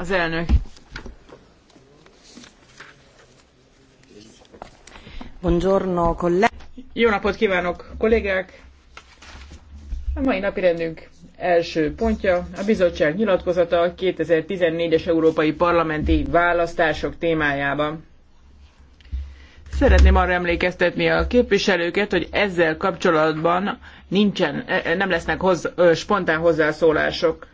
Az elnök. Buongiorno, Jó napot kívánok, kollégák! A mai napirendünk első pontja a bizottság nyilatkozata a 2014-es európai parlamenti választások témájában. Szeretném arra emlékeztetni a képviselőket, hogy ezzel kapcsolatban nincsen, e, e, nem lesznek hoz, spontán hozzászólások.